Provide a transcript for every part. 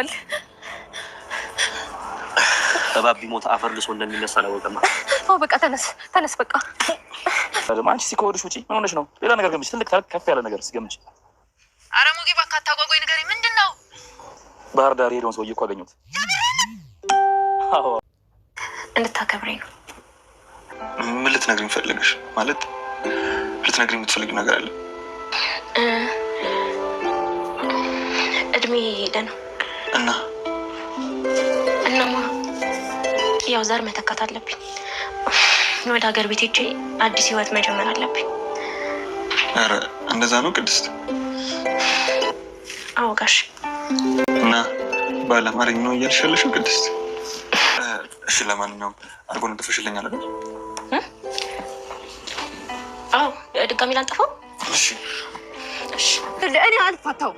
ይመስለዋል። እባብ ቢሞት አፈር ልሶ እንደሚነሳ አላወቀማ። በቃ ተነስ ተነስ፣ በቃ አንቺ ሲከወድሽ ውጪ ምን ሆነሽ ነው? ሌላ ነገር ገምች፣ ትልቅ ከፍ ያለ ነገር ገምች። ኧረ ሞጌ እባክህ አታጓጓኝ፣ ንገሪኝ፣ ምንድን ነው? ባህር ዳር የሄደውን ሰውዬ እኮ አገኘሁት። እንድታከብሬ ነው። ምን ልትነግሪኝ ፈልገሽ? ማለት ልትነግሪኝ የምትፈልጊው ነገር አለ? እድሜ ሄደ ነው እና እናማ ያው ዘር መተካት አለብኝ። ወደ ሀገር ቤት ሄጄ አዲስ ህይወት መጀመር አለብኝ። አረ እንደዛ ነው ቅድስት? አዎ ጋሽ። እና ባለማረኝ ነው እያልሽ ያለሽው ቅድስት? እሺ ለማንኛውም አርጎ ነጥፈሽልኝ አለ። አዎ ድጋሚ ላንጠፋው። እሺ እሺ፣ እኔ አልፋታው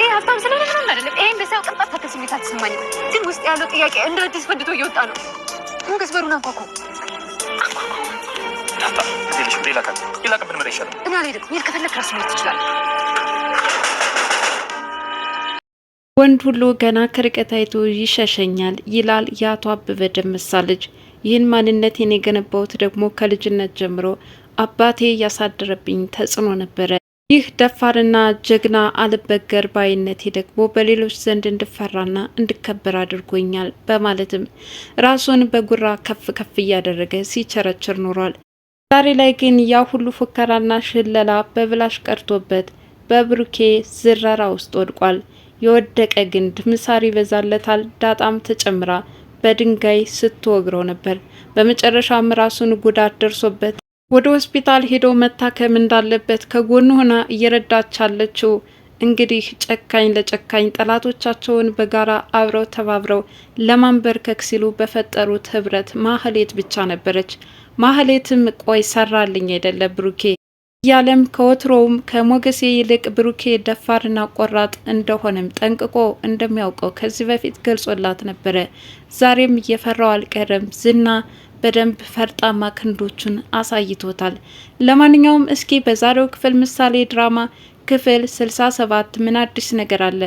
ይሄ ሀብታም ስለሆነ ምንም አይደለም። ይሄን ቅንጣት ታክል ስሜት አትሰማኝም። ግን ውስጥ ያለው ጥያቄ እንደ አዲስ ፈንድቶ እየወጣ ነው። ሞገስ በሩን ይሻላል። እኔ አልሄድም። ከፈለግ መሄድ ትችላለህ። ወንድ ሁሉ ገና ከርቀት አይቶ ይሸሸኛል ይላል የአቶ አበበ ደመሳ ልጅ። ይህን ማንነቴን የገነባሁት ደግሞ ከልጅነት ጀምሮ አባቴ ያሳደረብኝ ተጽዕኖ ነበረ። ይህ ደፋርና ጀግና አልበገር ባይነቴ ደግሞ በሌሎች ዘንድ እንድፈራና እንድከበር አድርጎኛል በማለትም ራሱን በጉራ ከፍ ከፍ እያደረገ ሲቸረችር ኖሯል። ዛሬ ላይ ግን ያ ሁሉ ፉከራና ሽለላ በብላሽ ቀርቶበት በብሩኬ ዝረራ ውስጥ ወድቋል። የወደቀ ግንድ ምሳር ይበዛለታል። ዳጣም ተጨምራ በድንጋይ ስትወግረው ነበር። በመጨረሻም ራሱን ጉዳት ደርሶበት ወደ ሆስፒታል ሄዶ መታከም እንዳለበት ከጎኑ ሆና እየረዳች አለችው። እንግዲህ ጨካኝ ለጨካኝ ጠላቶቻቸውን በጋራ አብረው ተባብረው ለማንበርከክ ሲሉ በፈጠሩት ህብረት ማህሌት ብቻ ነበረች። ማህሌትም ቆይ ሰራልኝ አይደለ ብሩኬ እያለም ከወትሮውም ከሞገሴ ይልቅ ብሩኬ ደፋርና ቆራጥ እንደሆነም ጠንቅቆ እንደሚያውቀው ከዚህ በፊት ገልጾላት ነበረ። ዛሬም እየፈራው አልቀረም። ዝና በደንብ ፈርጣማ ክንዶቹን አሳይቶታል። ለማንኛውም እስኪ በዛሬው ክፍል ምሳሌ ድራማ ክፍል 67 ምን አዲስ ነገር አለ?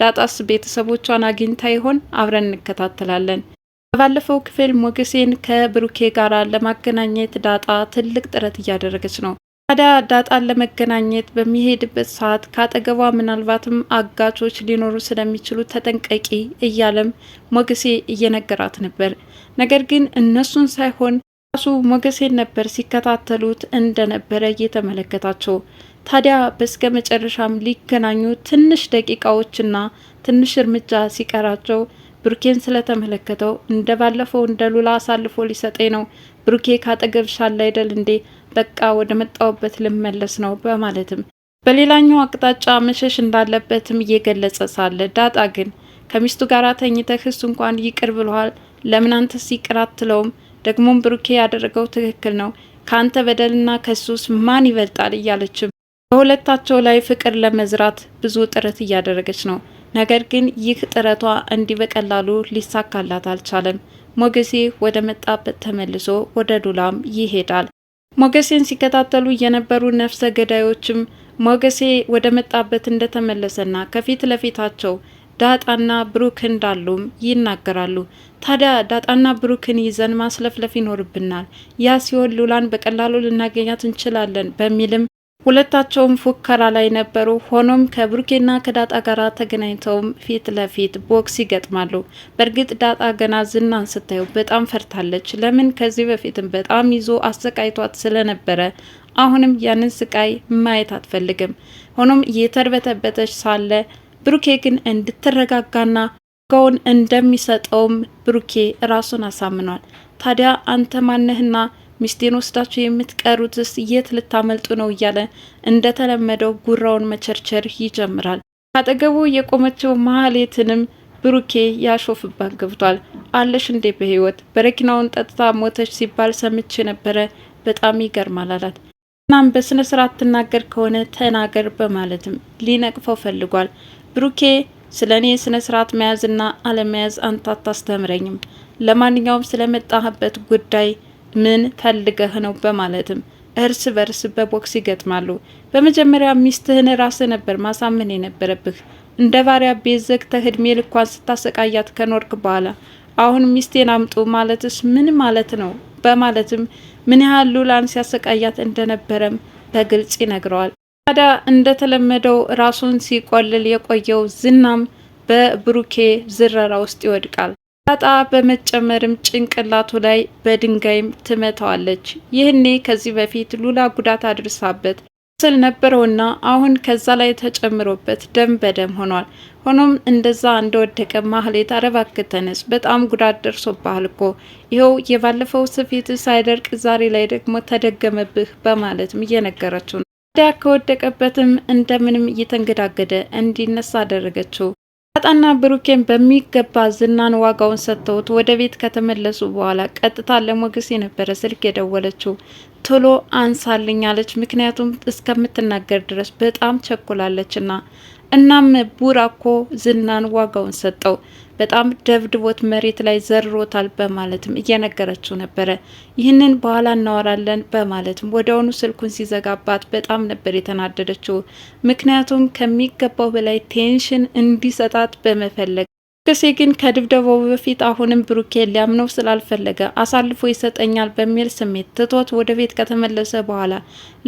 ዳጣስ ቤተሰቦቿን አግኝታ ይሆን? አብረን እንከታተላለን። በባለፈው ክፍል ሞገሴን ከብሩኬ ጋር ለማገናኘት ዳጣ ትልቅ ጥረት እያደረገች ነው። ታዲያ ዳጣን ለመገናኘት በሚሄድበት ሰዓት ከአጠገቧ ምናልባትም አጋቾች ሊኖሩ ስለሚችሉ ተጠንቀቂ እያለም ሞገሴ እየነገራት ነበር። ነገር ግን እነሱን ሳይሆን ራሱ ሞገሴን ነበር ሲከታተሉት እንደነበረ እየተመለከታቸው ታዲያ በስተ መጨረሻም ሊገናኙ ትንሽ ደቂቃዎችና ትንሽ እርምጃ ሲቀራቸው ብሩኬን ስለተመለከተው እንደ ባለፈው እንደ ሉላ አሳልፎ ሊሰጠኝ ነው፣ ብሩኬ ካጠገብሽ አለ አይደል እንዴ በቃ ወደ መጣውበት ልመለስ ነው በማለትም በሌላኛው አቅጣጫ መሸሽ እንዳለበትም እየገለጸ ሳለ ዳጣ ግን ከሚስቱ ጋር ተኝተህ እሱ እንኳን ይቅር ብለዋል፣ ለምን አንተስ ይቅር አትለውም? ደግሞም ብሩኬ ያደረገው ትክክል ነው፣ ከአንተ በደልና ከሱስ ማን ይበልጣል? እያለችም በሁለታቸው ላይ ፍቅር ለመዝራት ብዙ ጥረት እያደረገች ነው። ነገር ግን ይህ ጥረቷ እንዲህ በቀላሉ ሊሳካላት አልቻለም። ሞገሴ ወደ መጣበት ተመልሶ ወደ ዱላም ይሄዳል። ሞገሴን ሲከታተሉ የነበሩ ነፍሰ ገዳዮችም ሞገሴ ወደ መጣበት እንደተመለሰና ከፊት ለፊታቸው ዳጣና ብሩክ እንዳሉም ይናገራሉ። ታዲያ ዳጣና ብሩክን ይዘን ማስለፍለፍ ይኖርብናል፣ ያ ሲሆን ሉላን በቀላሉ ልናገኛት እንችላለን በሚልም ሁለታቸውም ፉከራ ላይ ነበሩ። ሆኖም ከብሩኬና ከዳጣ ጋር ተገናኝተውም ፊት ለፊት ቦክስ ይገጥማሉ። በእርግጥ ዳጣ ገና ዝናን ስታየው በጣም ፈርታለች። ለምን ከዚህ በፊትም በጣም ይዞ አሰቃይቷት ስለነበረ አሁንም ያንን ስቃይ ማየት አትፈልግም። ሆኖም እየተርበተበተች ሳለ ብሩኬ ግን እንድትረጋጋና ጋውን እንደሚሰጠውም ብሩኬ ራሱን አሳምኗል። ታዲያ አንተ ማነህና ሚስቴን ወስዳችሁ የምትቀሩትስ የት ልታመልጡ ነው? እያለ እንደተለመደው ጉራውን መቸርቸር ይጀምራል። አጠገቡ የቆመችው ማህሌትንም ብሩኬ ያሾፍባት ገብቷል። አለሽ እንዴ በህይወት በረኪናውን ጠጥታ ሞተች ሲባል ሰምቼ ነበረ፣ በጣም ይገርማል አላት። እናም በስነ ስርዓት ትናገር ከሆነ ተናገር በማለትም ሊነቅፈው ፈልጓል። ብሩኬ ስለ እኔ ስነ ስርዓት መያዝና አለመያዝ አንተ አታስተምረኝም። ለማንኛውም ስለመጣህበት ጉዳይ ምን ፈልገህ ነው በማለትም እርስ በርስ በቦክስ ይገጥማሉ። በመጀመሪያ ሚስትህን ራስ ነበር ማሳመን የነበረብህ። እንደ ባሪያ ቤት ዘግተህ እድሜ ልኳን ስታሰቃያት ከኖርክ በኋላ አሁን ሚስቴን አምጡ ማለትስ ምን ማለት ነው? በማለትም ምን ያህል ሉላን ሲያሰቃያት እንደነበረም በግልጽ ይነግረዋል። ታዲያ እንደተለመደው ራሱን ሲቆልል የቆየው ዝናም በብሩኬ ዝረራ ውስጥ ይወድቃል። ዳጣ በመጨመርም ጭንቅላቱ ላይ በድንጋይም ትመታዋለች። ይህኔ ከዚህ በፊት ሉላ ጉዳት አድርሳበት ስል ነበረውና አሁን ከዛ ላይ ተጨምሮበት ደም በደም ሆኗል። ሆኖም እንደዛ እንደወደቀ ማህሌት ተነስ፣ በጣም ጉዳት ደርሶብሃል እኮ ይኸው የባለፈው ስፌት ሳይደርቅ ዛሬ ላይ ደግሞ ተደገመብህ በማለትም እየነገረችው ነው። ታዲያ ከወደቀበትም እንደምንም እየተንገዳገደ እንዲነሳ አደረገችው። ዳጣና ብሩኬን በሚገባ ዝናን ዋጋውን ሰጥተውት ወደ ቤት ከተመለሱ በኋላ ቀጥታ ለሞገስ የነበረ ስልክ የደወለችው ቶሎ አንሳልኛለች። ምክንያቱም እስከምትናገር ድረስ በጣም ቸኩላለችና እናም ቡራ ዝናን ዋጋውን ሰጠው፣ በጣም ደብድቦት መሬት ላይ ዘርሮታል በማለትም እየነገረችው ነበረ። ይህንን በኋላ እናወራለን በማለትም ወዲያውኑ ስልኩን ሲዘጋባት በጣም ነበር የተናደደችው። ምክንያቱም ከሚገባው በላይ ቴንሽን እንዲሰጣት በመፈለግ ሞገሴ ግን ከድብደባው በፊት አሁንም ብሩኬ ሊያምነው ስላልፈለገ አሳልፎ ይሰጠኛል በሚል ስሜት ትቶት ወደ ቤት ከተመለሰ በኋላ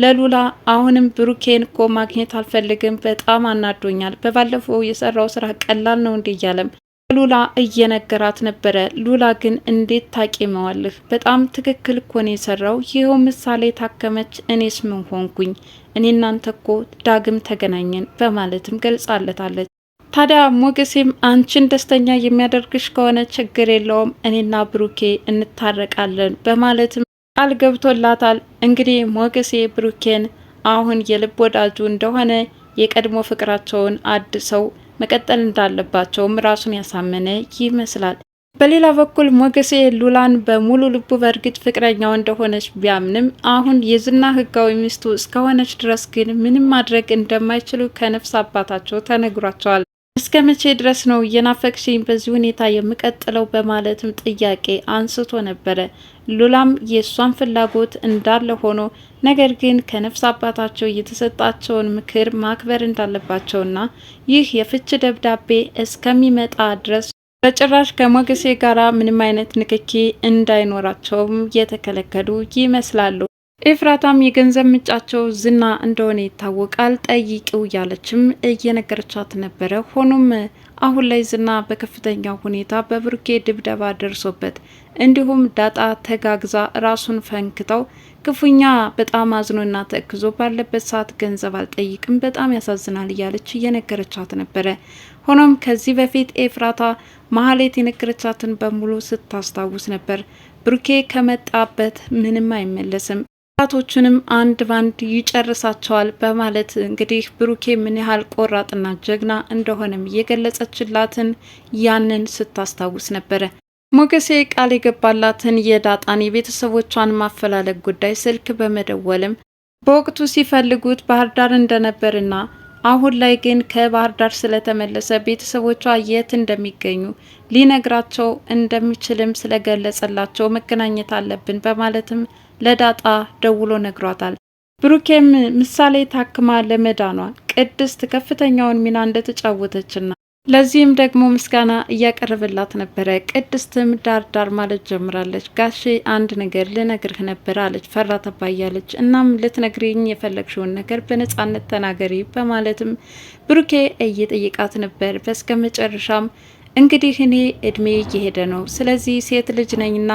ለሉላ አሁንም ብሩኬን እኮ ማግኘት አልፈልግም፣ በጣም አናዶኛል፣ በባለፈው የሰራው ስራ ቀላል ነው እንዲ እያለም ሉላ እየነገራት ነበረ። ሉላ ግን እንዴት ታቂመዋልህ? በጣም ትክክል እኮ ነው የሰራው። ይኸው ምሳሌ ታከመች፣ እኔስ ምን ሆንኩኝ? እኔ እናንተ እኮ ዳግም ተገናኘን በማለትም ገልጻለታለች። ታዲያ ሞገሴም አንቺን ደስተኛ የሚያደርግሽ ከሆነ ችግር የለውም እኔና ብሩኬ እንታረቃለን በማለትም ቃል ገብቶላታል። እንግዲህ ሞገሴ ብሩኬን አሁን የልብ ወዳጁ እንደሆነ የቀድሞ ፍቅራቸውን አድሰው መቀጠል እንዳለባቸውም ራሱን ያሳመነ ይመስላል። በሌላ በኩል ሞገሴ ሉላን በሙሉ ልቡ በእርግጥ ፍቅረኛው እንደሆነች ቢያምንም አሁን የዝና ህጋዊ ሚስቱ እስከሆነች ድረስ ግን ምንም ማድረግ እንደማይችሉ ከነፍስ አባታቸው ተነግሯቸዋል። እስከ መቼ ድረስ ነው የናፈቅሽኝ በዚህ ሁኔታ የምቀጥለው? በማለትም ጥያቄ አንስቶ ነበረ። ሉላም የእሷን ፍላጎት እንዳለ ሆኖ ነገር ግን ከነፍስ አባታቸው የተሰጣቸውን ምክር ማክበር እንዳለባቸውና ይህ የፍች ደብዳቤ እስከሚመጣ ድረስ በጭራሽ ከሞገሴ ጋራ ምንም አይነት ንክኪ እንዳይኖራቸውም እየተከለከሉ ይመስላሉ። ኤፍራታም የገንዘብ ምንጫቸው ዝና እንደሆነ ይታወቃል፣ ጠይቂው እያለችም እየነገረቻት ነበረ። ሆኖም አሁን ላይ ዝና በከፍተኛ ሁኔታ በብሩኬ ድብደባ ደርሶበት እንዲሁም ዳጣ ተጋግዛ ራሱን ፈንክተው ክፉኛ በጣም አዝኖና ተክዞ ባለበት ሰዓት ገንዘብ አልጠይቅም በጣም ያሳዝናል እያለች እየነገረቻት ነበረ። ሆኖም ከዚህ በፊት ኤፍራታ መሀሌት የነገረቻትን በሙሉ ስታስታውስ ነበር። ብሩኬ ከመጣበት ምንም አይመለስም ቶችንም አንድ ባንድ ይጨርሳቸዋል በማለት እንግዲህ ብሩኬ ምን ያህል ቆራጥና ጀግና እንደሆነም የገለጸችላትን ያንን ስታስታውስ ነበረ። ሞገሴ ቃል የገባላትን የዳጣን የቤተሰቦቿን ማፈላለግ ጉዳይ ስልክ በመደወልም በወቅቱ ሲፈልጉት ባህር ዳር እንደነበርና አሁን ላይ ግን ከባህር ዳር ስለተመለሰ ቤተሰቦቿ የት እንደሚገኙ ሊነግራቸው እንደሚችልም ስለገለጸላቸው መገናኘት አለብን በማለትም ለዳጣ ደውሎ ነግሯታል። ብሩኬም ምሳሌ ታክማ ለመዳኗ ቅድስት ከፍተኛውን ሚና እንደተጫወተችና ለዚህም ደግሞ ምስጋና እያቀረበላት ነበረ። ቅድስትም ዳር ዳር ማለት ጀምራለች። ጋሼ አንድ ነገር ልነግርህ ነበር አለች። ፈራ ተባያለች። እናም ልትነግሪኝ የፈለግሽውን ነገር በነጻነት ተናገሪ በማለትም ብሩኬ እየጠየቃት ነበር። በስከ መጨረሻም እንግዲህ እኔ እድሜ እየሄደ ነው፣ ስለዚህ ሴት ልጅ ነኝና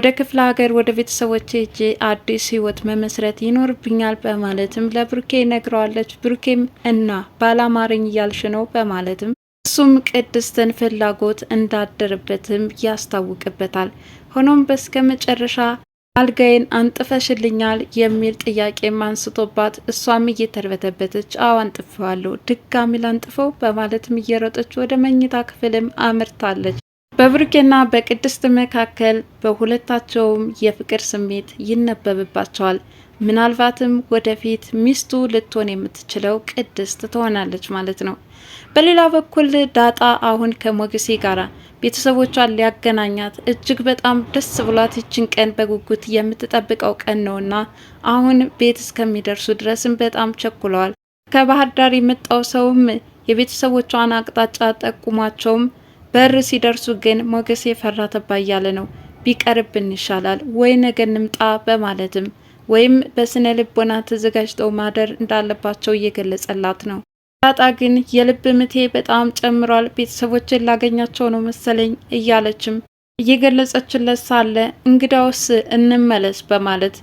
ወደ ክፍለ ሀገር ወደ ቤተሰቦቼ ሄጄ አዲስ ህይወት መመስረት ይኖርብኛል በማለትም ለብሩኬ ነግረዋለች። ብሩኬም እና ባላማረኝ እያልሽ ነው በማለትም እሱም ቅድስትን ፍላጎት እንዳደርበትም ያስታውቅበታል። ሆኖም በስከ መጨረሻ አልጋዬን አንጥፈሽልኛል የሚል ጥያቄም አንስቶባት እሷም እየተርበተበተች አዎ አንጥፈዋለሁ፣ ድጋሚ ላንጥፈው በማለትም እየሮጠች ወደ መኝታ ክፍልም አምርታለች። በብሩኬና በቅድስት መካከል በሁለታቸውም የፍቅር ስሜት ይነበብባቸዋል። ምናልባትም ወደፊት ሚስቱ ልትሆን የምትችለው ቅድስት ትሆናለች ማለት ነው። በሌላ በኩል ዳጣ አሁን ከሞገሴ ጋር ቤተሰቦቿን ሊያገናኛት እጅግ በጣም ደስ ብሏት ይችን ቀን በጉጉት የምትጠብቀው ቀን ነውና አሁን ቤት እስከሚደርሱ ድረስም በጣም ቸኩለዋል። ከባህር ዳር የመጣው ሰውም የቤተሰቦቿን አቅጣጫ ጠቁሟቸውም በር ሲደርሱ ግን ሞገሴ ፈራ ተባ እያለ ነው። ቢቀርብን ይሻላል ወይ ነገ እንምጣ በማለትም ወይም በስነ ልቦና ተዘጋጅተው ማደር እንዳለባቸው እየገለጸላት ነው። ዳጣ ግን የልብ ምቴ በጣም ጨምሯል፣ ቤተሰቦችን ላገኛቸው ነው መሰለኝ እያለችም እየገለጸችለት ሳለ እንግዳውስ እንመለስ በማለት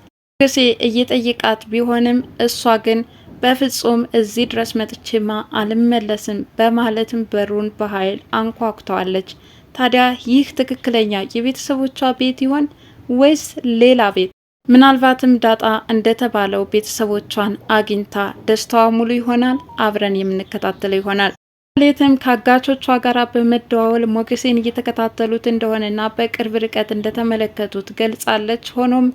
ግሴ እየጠየቃት ቢሆንም እሷ ግን በፍጹም እዚህ ድረስ መጥቼማ አልመለስም በማለትም በሩን በኃይል አንኳኩተዋለች። ታዲያ ይህ ትክክለኛ የቤተሰቦቿ ቤት ይሆን ወይስ ሌላ ቤት? ምናልባትም ዳጣ እንደተባለው ቤተሰቦቿን አግኝታ ደስታዋ ሙሉ ይሆናል። አብረን የምንከታተለው ይሆናል። ሌትም ከአጋቾቿ ጋር በመደዋወል ሞገሴን እየተከታተሉት እንደሆነና በቅርብ ርቀት እንደተመለከቱት ገልጻለች። ሆኖም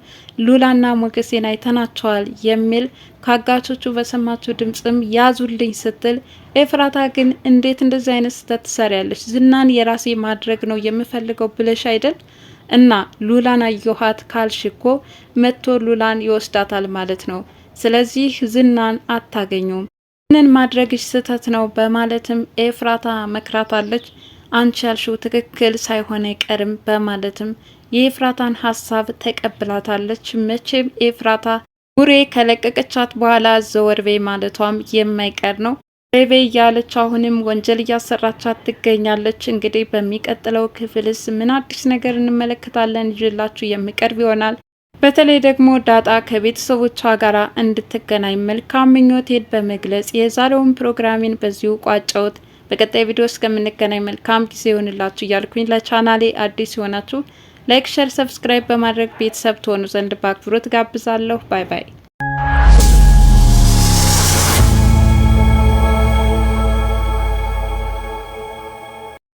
ሉላና ሞገሴን አይተናቸዋል የሚል ከአጋቾቹ በሰማችው ድምፅም ያዙልኝ ስትል፣ ኤፍራታ ግን እንዴት እንደዚህ አይነት ስህተት ትሰሪያለች? ዝናን የራሴ ማድረግ ነው የምፈልገው ብለሽ አይደል እና ሉላን አየኋት ካልሽኮ መጥቶ ሉላን ይወስዳታል ማለት ነው። ስለዚህ ዝናን አታገኙም። ይህንን ማድረግሽ ስህተት ነው በማለትም ኤፍራታ መክራታለች። አንቺ ያልሽው ትክክል ሳይሆን አይቀርም በማለትም የኤፍራታን ሀሳብ ተቀብላታለች። መቼም ኤፍራታ ጉሬ ከለቀቀቻት በኋላ ዘወርቤ ማለቷም የማይቀር ነው። ሬቤ እያለች አሁንም ወንጀል እያሰራቻት ትገኛለች። እንግዲህ በሚቀጥለው ክፍልስ ምን አዲስ ነገር እንመለከታለን ይዤላችሁ የሚቀርብ ይሆናል። በተለይ ደግሞ ዳጣ ከቤተሰቦቿ ጋር እንድትገናኝ መልካም ምኞቴን በመግለጽ የዛሬውን ፕሮግራሜን በዚሁ ቋጫውት በቀጣይ ቪዲዮ እስከምንገናኝ መልካም ጊዜ ይሆንላችሁ እያልኩኝ ለቻናሌ አዲስ ይሆናችሁ ላይክ፣ ሸር፣ ሰብስክራይብ በማድረግ ቤተሰብ ትሆኑ ዘንድ በአክብሮት ጋብዛለሁ። ባይ ባይ።